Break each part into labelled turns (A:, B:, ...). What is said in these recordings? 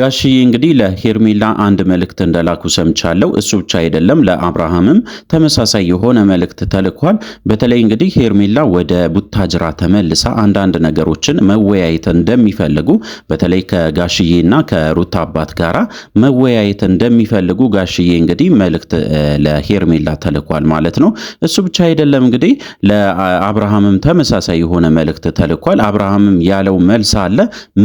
A: ጋሽዬ እንግዲህ ለሄርሜላ አንድ መልእክት እንደላኩ ሰምቻለሁ። እሱ ብቻ አይደለም ለአብርሃምም ተመሳሳይ የሆነ መልእክት ተልኳል። በተለይ እንግዲህ ሄርሜላ ወደ ቡታጅራ ተመልሳ አንዳንድ ነገሮችን መወያየት እንደሚፈልጉ በተለይ ከጋሽዬና ከሩታ አባት ጋራ መወያየት እንደሚፈልጉ ጋሽዬ እንግዲህ መልእክት ለሄርሜላ ተልኳል ማለት ነው። እሱ ብቻ አይደለም እንግዲህ ለአብርሃምም ተመሳሳይ የሆነ መልእክት ተልኳል። አብርሃምም ያለው መልስ አለ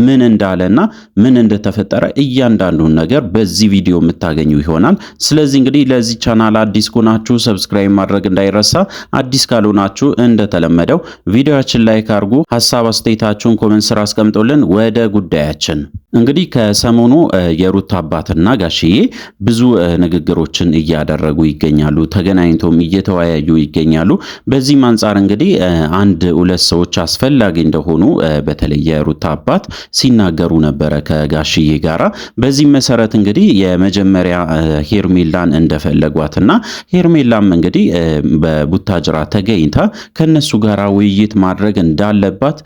A: ምን እንዳለና ምን እንደተፈጠረ እያንዳንዱን ነገር በዚህ ቪዲዮ የምታገኙ ይሆናል። ስለዚህ እንግዲህ ለዚህ ቻናል አዲስ ከሆናችሁ ሰብስክራይብ ማድረግ እንዳይረሳ፣ አዲስ ካልሆናችሁ እንደተለመደው ቪዲዮችን ላይክ አድርጉ፣ ሀሳብ አስተያየታችሁን ኮሜንት ስራ አስቀምጦልን ወደ ጉዳያችን እንግዲህ ከሰሞኑ የሩታ አባትና ጋሽዬ ብዙ ንግግሮችን እያደረጉ ይገኛሉ። ተገናኝቶም እየተወያዩ ይገኛሉ። በዚህም አንጻር እንግዲህ አንድ ሁለት ሰዎች አስፈላጊ እንደሆኑ በተለይ የሩታ አባት ሲናገሩ ነበረ ከጋሽዬ ጋራ። በዚህም መሰረት እንግዲህ የመጀመሪያ ሄርሜላን እንደፈለጓትና ሄርሜላም እንግዲህ በቡታጅራ ተገኝታ ከነሱ ጋራ ውይይት ማድረግ እንዳለባት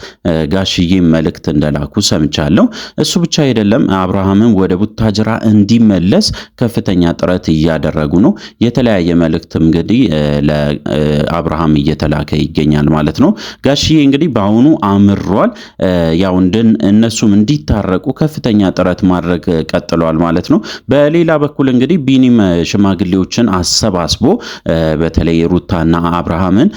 A: ጋሽዬ መልእክት እንደላኩ ሰምቻለሁ። እሱ ብቻ አይደለም አብርሃምም ወደ ቡታጅራ እንዲመለስ ከፍተኛ ጥረት እያደረጉ ነው። የተለያየ መልእክትም እንግዲህ ለአብርሃም እየተላከ ይገኛል ማለት ነው። ጋሽዬ እንግዲህ በአሁኑ አምሯል። ያው እንደን እነሱም እንዲታረቁ ከፍተኛ ጥረት ማድረግ ቀጥሏል ማለት ነው። በሌላ በኩል እንግዲህ ቢኒም ሽማግሌዎችን አሰባስቦ በተለይ ሩታና አብርሃምን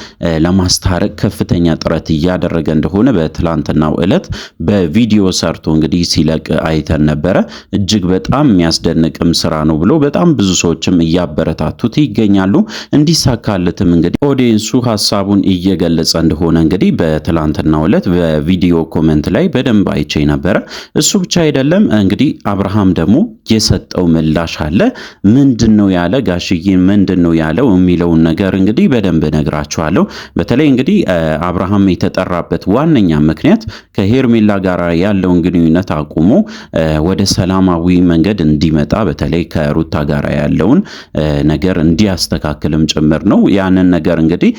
A: ለማስታረቅ ከፍተኛ ጥረት እያደረገ እንደሆነ በትላንትናው ዕለት በቪዲዮ ሰርቶ እንግዲህ ሲለቅ አይተን ነበረ። እጅግ በጣም የሚያስደንቅም ስራ ነው ብሎ በጣም ብዙ ሰዎችም እያበረታቱት ይገኛሉ። እንዲሳካለትም እንግዲህ ኦዲየንሱ ሀሳቡን እየገለጸ እንደሆነ እንግዲህ በትላንትናው ዕለት በቪዲዮ ኮመንት ላይ በደንብ አይቼ ነበረ። እሱ ብቻ አይደለም እንግዲህ አብርሃም ደግሞ የሰጠው ምላሽ አለ። ምንድን ነው ያለ ጋሽዬ ምንድን ነው ያለው የሚለውን ነገር እንግዲህ በደንብ ነግራችኋለሁ። በተለይ እንግዲህ አብርሃም የተጠራበት ዋነኛ ምክንያት ከሄርሜላ ጋር ያለውን ግንኙነት አቁሞ ደግሞ ወደ ሰላማዊ መንገድ እንዲመጣ በተለይ ከሩታ ጋር ያለውን ነገር እንዲያስተካክልም ጭምር ነው። ያንን ነገር እንግዲህ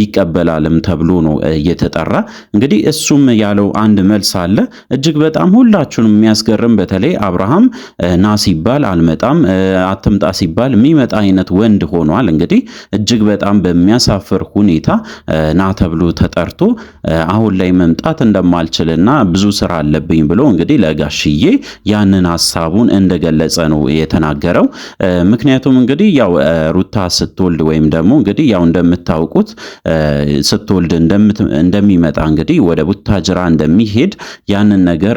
A: ይቀበላልም ተብሎ ነው እየተጠራ እንግዲህ እሱም ያለው አንድ መልስ አለ። እጅግ በጣም ሁላችሁን የሚያስገርም በተለይ አብርሃም ና ሲባል አልመጣም፣ አትምጣ ሲባል የሚመጣ አይነት ወንድ ሆኗል። እንግዲህ እጅግ በጣም በሚያሳፍር ሁኔታ ና ተብሎ ተጠርቶ አሁን ላይ መምጣት እንደማልችልና ብዙ ስራ አለብኝ ብሎ እንግዲህ ጋሽዬ ያንን ሀሳቡን እንደገለጸ ነው የተናገረው። ምክንያቱም እንግዲህ ያው ሩታ ስትወልድ ወይም ደግሞ እንግዲህ ያው እንደምታውቁት ስትወልድ እንደሚመጣ እንግዲህ ወደ ቡታጅራ እንደሚሄድ ያንን ነገር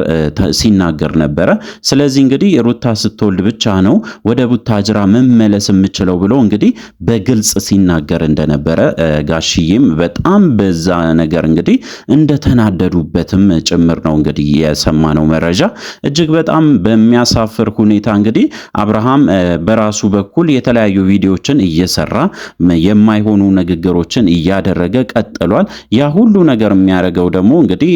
A: ሲናገር ነበረ። ስለዚህ እንግዲህ ሩታ ስትወልድ ብቻ ነው ወደ ቡታጅራ መመለስ የምችለው ብሎ እንግዲህ በግልጽ ሲናገር እንደነበረ ጋሽዬም በጣም በዛ ነገር እንግዲህ እንደተናደዱበትም ጭምር ነው እንግዲህ የሰማነው መረጃ። እጅግ በጣም በሚያሳፍር ሁኔታ እንግዲህ አብርሃም በራሱ በኩል የተለያዩ ቪዲዮዎችን እየሰራ የማይሆኑ ንግግሮችን እያደረገ ቀጥሏል። ያ ሁሉ ነገር የሚያደርገው ደግሞ እንግዲህ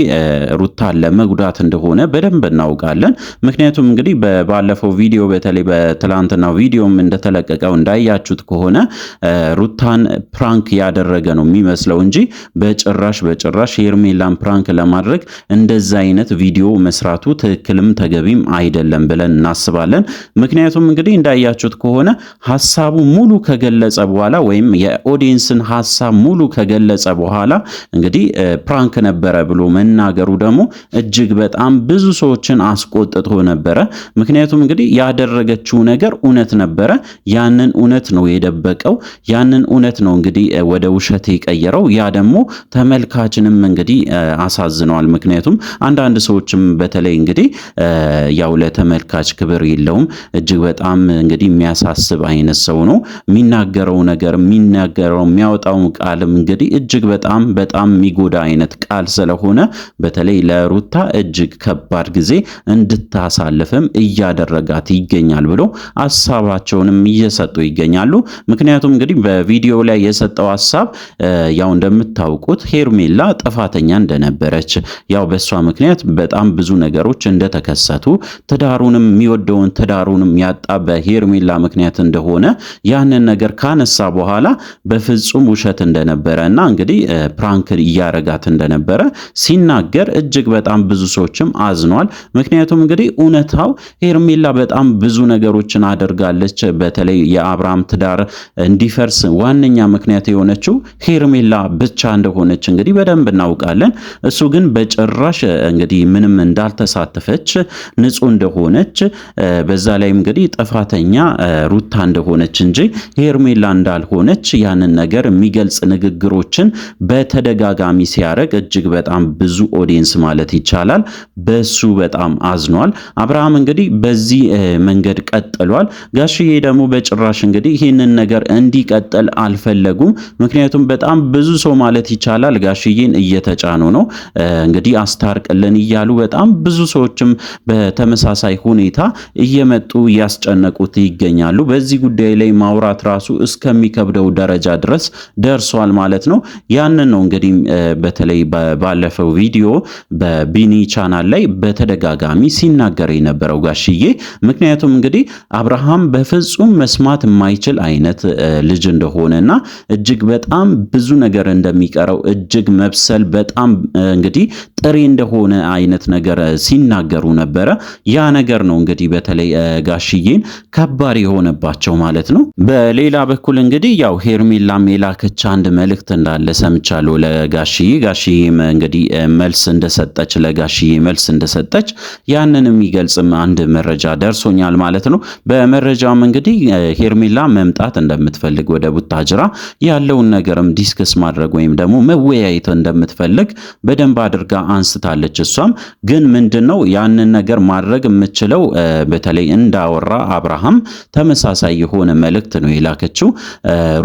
A: ሩታን ለመጉዳት እንደሆነ በደንብ እናውቃለን። ምክንያቱም እንግዲህ ባለፈው ቪዲዮ በተለይ በትላንትናው ቪዲዮም እንደተለቀቀው እንዳያችሁት ከሆነ ሩታን ፕራንክ ያደረገ ነው የሚመስለው እንጂ በጭራሽ በጭራሽ ሄርሜላን ፕራንክ ለማድረግ እንደዛ አይነት ቪዲዮ መስራቱ ትክክል ትክክልም ተገቢም አይደለም ብለን እናስባለን። ምክንያቱም እንግዲህ እንዳያችሁት ከሆነ ሀሳቡ ሙሉ ከገለጸ በኋላ ወይም የኦዲየንስን ሀሳብ ሙሉ ከገለጸ በኋላ እንግዲህ ፕራንክ ነበረ ብሎ መናገሩ ደግሞ እጅግ በጣም ብዙ ሰዎችን አስቆጥቶ ነበረ። ምክንያቱም እንግዲህ ያደረገችው ነገር እውነት ነበረ። ያንን እውነት ነው የደበቀው። ያንን እውነት ነው እንግዲህ ወደ ውሸት የቀየረው። ያ ደግሞ ተመልካችንም እንግዲህ አሳዝነዋል። ምክንያቱም አንዳንድ ሰዎችም በተለይ እንግዲህ ያው ለተመልካች ክብር የለውም። እጅግ በጣም እንግዲህ የሚያሳስብ አይነት ሰው ነው። የሚናገረው ነገር የሚናገረው የሚያወጣው ቃልም እንግዲህ እጅግ በጣም በጣም የሚጎዳ አይነት ቃል ስለሆነ በተለይ ለሩታ እጅግ ከባድ ጊዜ እንድታሳልፍም እያደረጋት ይገኛል ብሎ ሀሳባቸውንም እየሰጡ ይገኛሉ። ምክንያቱም እንግዲህ በቪዲዮ ላይ የሰጠው ሀሳብ ያው እንደምታውቁት ሄርሜላ ጥፋተኛ እንደነበረች ያው በእሷ ምክንያት በጣም ብዙ ነገሮች እንደ እንደተከሰቱ ትዳሩንም የሚወደውን ትዳሩንም ያጣ በሄርሜላ ምክንያት እንደሆነ ያንን ነገር ካነሳ በኋላ በፍጹም ውሸት እንደነበረ እና እንግዲህ ፕራንክ እያረጋት እንደነበረ ሲናገር እጅግ በጣም ብዙ ሰዎችም አዝኗል። ምክንያቱም እንግዲህ እውነታው ሄርሜላ በጣም ብዙ ነገሮችን አድርጋለች በተለይ የአብርሃም ትዳር እንዲፈርስ ዋነኛ ምክንያት የሆነችው ሄርሜላ ብቻ እንደሆነች እንግዲህ በደንብ እናውቃለን። እሱ ግን በጭራሽ እንግዲህ ምንም እንዳልተሳተፈች እንዳልሆነች፣ ንጹህ እንደሆነች በዛ ላይ እንግዲህ ጥፋተኛ ሩታ እንደሆነች እንጂ ሄርሜላ እንዳልሆነች ያንን ነገር የሚገልጽ ንግግሮችን በተደጋጋሚ ሲያደርግ እጅግ በጣም ብዙ ኦዲየንስ ማለት ይቻላል በሱ በጣም አዝኗል። አብርሃም እንግዲህ በዚህ መንገድ ቀጥሏል። ጋሽዬ ደግሞ በጭራሽ እንግዲህ ይህንን ነገር እንዲቀጥል አልፈለጉም። ምክንያቱም በጣም ብዙ ሰው ማለት ይቻላል ጋሽዬን እየተጫኑ ነው እንግዲህ አስታርቅልን እያሉ በጣም ብዙ ሰዎችም ሰዎችም በተመሳሳይ ሁኔታ እየመጡ እያስጨነቁት ይገኛሉ። በዚህ ጉዳይ ላይ ማውራት ራሱ እስከሚከብደው ደረጃ ድረስ ደርሷል ማለት ነው። ያንን ነው እንግዲህ በተለይ ባለፈው ቪዲዮ በቢኒ ቻናል ላይ በተደጋጋሚ ሲናገር የነበረው ጋሽዬ። ምክንያቱም እንግዲህ አብርሃም በፍጹም መስማት የማይችል አይነት ልጅ እንደሆነና እጅግ በጣም ብዙ ነገር እንደሚቀረው እጅግ መብሰል በጣም እንግዲህ ጥሬ እንደሆነ አይነት ነገር ሲናገር ሲናገሩ ነበረ። ያ ነገር ነው እንግዲህ በተለይ ጋሽዬን ከባድ የሆነባቸው ማለት ነው። በሌላ በኩል እንግዲህ ያው ሄርሜላም የላከች አንድ መልእክት እንዳለ ሰምቻለሁ ለጋሽዬ። ጋሽዬም እንግዲህ መልስ እንደሰጠች ለጋሽዬ መልስ እንደሰጠች ያንን የሚገልጽም አንድ መረጃ ደርሶኛል ማለት ነው። በመረጃም እንግዲህ ሄርሜላ መምጣት እንደምትፈልግ ወደ ቡታጅራ ያለውን ነገርም ዲስክስ ማድረግ ወይም ደግሞ መወያየት እንደምትፈልግ በደንብ አድርጋ አንስታለች። እሷም ግን ምንድን ነው ያንን ነገር ማድረግ የምችለው በተለይ እንዳወራ አብርሃም ተመሳሳይ የሆነ መልእክት ነው የላከችው።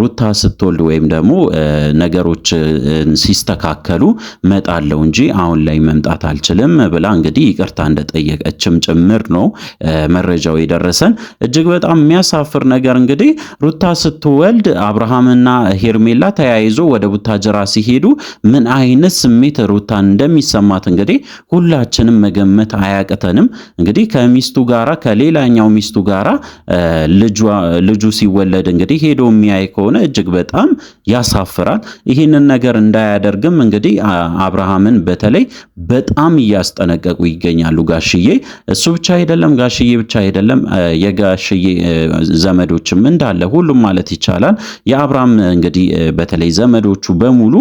A: ሩታ ስትወልድ ወይም ደግሞ ነገሮች ሲስተካከሉ መጣለው እንጂ አሁን ላይ መምጣት አልችልም ብላ እንግዲህ ይቅርታ እንደጠየቀችም ጭምር ነው መረጃው የደረሰን። እጅግ በጣም የሚያሳፍር ነገር እንግዲህ ሩታ ስትወልድ አብርሃምና ሄርሜላ ተያይዞ ወደ ቡታጅራ ሲሄዱ ምን አይነት ስሜት ሩታን እንደሚሰማት እንግዲህ ሁላችንም መገመት አያቅተንም። እንግዲህ ከሚስቱ ጋራ ከሌላኛው ሚስቱ ጋራ ልጁ ሲወለድ እንግዲህ ሄዶ የሚያይ ከሆነ እጅግ በጣም ያሳፍራል። ይህንን ነገር እንዳያደርግም እንግዲህ አብርሃምን በተለይ በጣም እያስጠነቀቁ ይገኛሉ ጋሽዬ። እሱ ብቻ አይደለም ጋሽዬ ብቻ አይደለም የጋሽዬ ዘመዶችም እንዳለ ሁሉም ማለት ይቻላል የአብርሃም እንግዲህ በተለይ ዘመዶቹ በሙሉ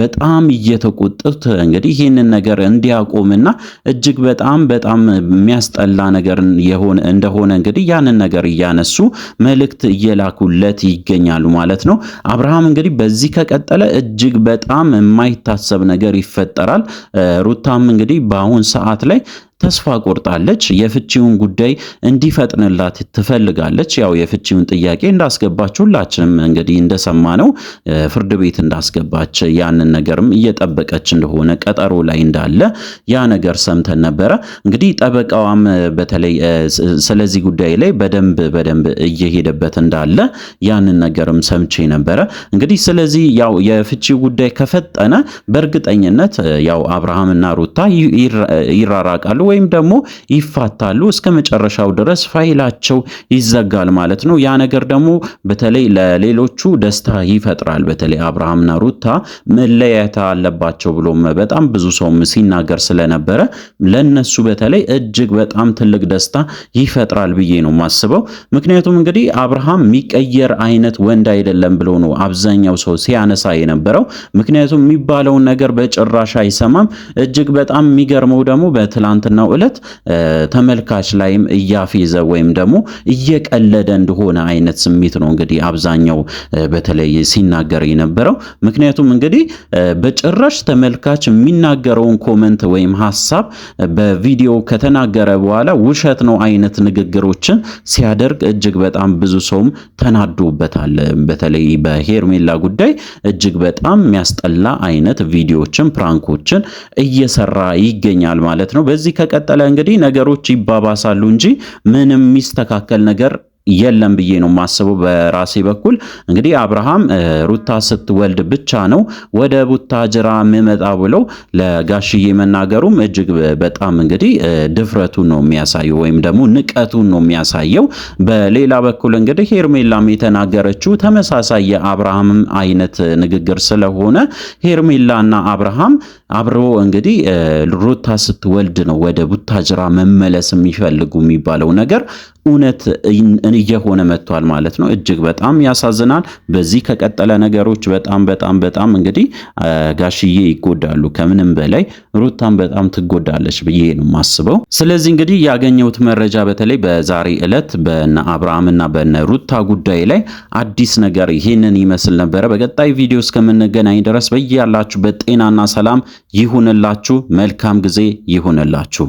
A: በጣም እየተቆጡት እንግዲህ ይህንን ነገር እንዲያቆምና እጅግ በጣም በጣም በጣም የሚያስጠላ ነገር የሆነ እንደሆነ እንግዲህ ያንን ነገር እያነሱ መልእክት እየላኩለት ይገኛሉ ማለት ነው። አብርሃም እንግዲህ በዚህ ከቀጠለ እጅግ በጣም የማይታሰብ ነገር ይፈጠራል። ሩታም እንግዲህ በአሁን ሰዓት ላይ ተስፋ ቆርጣለች። የፍቺውን ጉዳይ እንዲፈጥንላት ትፈልጋለች። ያው የፍቺውን ጥያቄ እንዳስገባች ሁላችንም እንግዲህ እንደሰማ ነው ፍርድ ቤት እንዳስገባች ያንን ነገርም እየጠበቀች እንደሆነ ቀጠሮ ላይ እንዳለ ያ ነገር ሰምተን ነበረ። እንግዲህ ጠበቃዋም በተለይ ስለዚህ ጉዳይ ላይ በደንብ በደንብ እየሄደበት እንዳለ ያንን ነገርም ሰምቼ ነበረ። እንግዲህ ስለዚህ ያው የፍቺ ጉዳይ ከፈጠነ በእርግጠኝነት ያው አብርሃምና ሩታ ይራራቃሉ ወይም ደግሞ ይፋታሉ እስከ መጨረሻው ድረስ ፋይላቸው ይዘጋል ማለት ነው። ያ ነገር ደግሞ በተለይ ለሌሎቹ ደስታ ይፈጥራል። በተለይ አብርሃምና ሩታ መለያየት አለባቸው ብሎ በጣም ብዙ ሰውም ሲናገር ስለነበረ ለነሱ በተለይ እጅግ በጣም ትልቅ ደስታ ይፈጥራል ብዬ ነው ማስበው። ምክንያቱም እንግዲህ አብርሃም የሚቀየር አይነት ወንድ አይደለም ብሎ ነው አብዛኛው ሰው ሲያነሳ የነበረው። ምክንያቱም የሚባለውን ነገር በጭራሽ አይሰማም። እጅግ በጣም የሚገርመው ደግሞ በትላንትና በትናንትናው ዕለት ተመልካች ላይም እያፌዘ ወይም ደግሞ እየቀለደ እንደሆነ አይነት ስሜት ነው እንግዲህ አብዛኛው በተለይ ሲናገር የነበረው። ምክንያቱም እንግዲህ በጭራሽ ተመልካች የሚናገረውን ኮመንት ወይም ሐሳብ በቪዲዮ ከተናገረ በኋላ ውሸት ነው አይነት ንግግሮችን ሲያደርግ እጅግ በጣም ብዙ ሰውም ተናዶበታል። በተለይ በሄርሜላ ጉዳይ እጅግ በጣም የሚያስጠላ አይነት ቪዲዮዎችን፣ ፕራንኮችን እየሰራ ይገኛል ማለት ነው። በዚህ ከቀጠለ እንግዲህ ነገሮች ይባባሳሉ እንጂ ምንም የሚስተካከል ነገር የለም ብዬ ነው የማስበው በራሴ በኩል። እንግዲህ አብርሃም ሩታ ስትወልድ ብቻ ነው ወደ ቡታጅራ ምመጣ ብለው ለጋሽዬ መናገሩም እጅግ በጣም እንግዲህ ድፍረቱን ነው የሚያሳየው ወይም ደግሞ ንቀቱን ነው የሚያሳየው። በሌላ በኩል እንግዲህ ሄርሜላም የተናገረችው ተመሳሳይ የአብርሃም አይነት ንግግር ስለሆነ ሄርሜላና አብርሃም አብሮ እንግዲህ ሩታ ስትወልድ ነው ወደ ቡታጅራ መመለስ የሚፈልጉ የሚባለው ነገር እውነት እየሆነ መጥቷል ማለት ነው። እጅግ በጣም ያሳዝናል። በዚህ ከቀጠለ ነገሮች በጣም በጣም በጣም እንግዲህ ጋሽዬ ይጎዳሉ። ከምንም በላይ ሩታም በጣም ትጎዳለች ብዬ ነው የማስበው። ስለዚህ እንግዲህ ያገኘሁት መረጃ በተለይ በዛሬ ዕለት በነ አብርሃምና በነ ሩታ ጉዳይ ላይ አዲስ ነገር ይህንን ይመስል ነበረ። በቀጣይ ቪዲዮ እስከምንገናኝ ድረስ በያላችሁ በጤናና ሰላም ይሁንላችሁ። መልካም ጊዜ ይሁንላችሁ።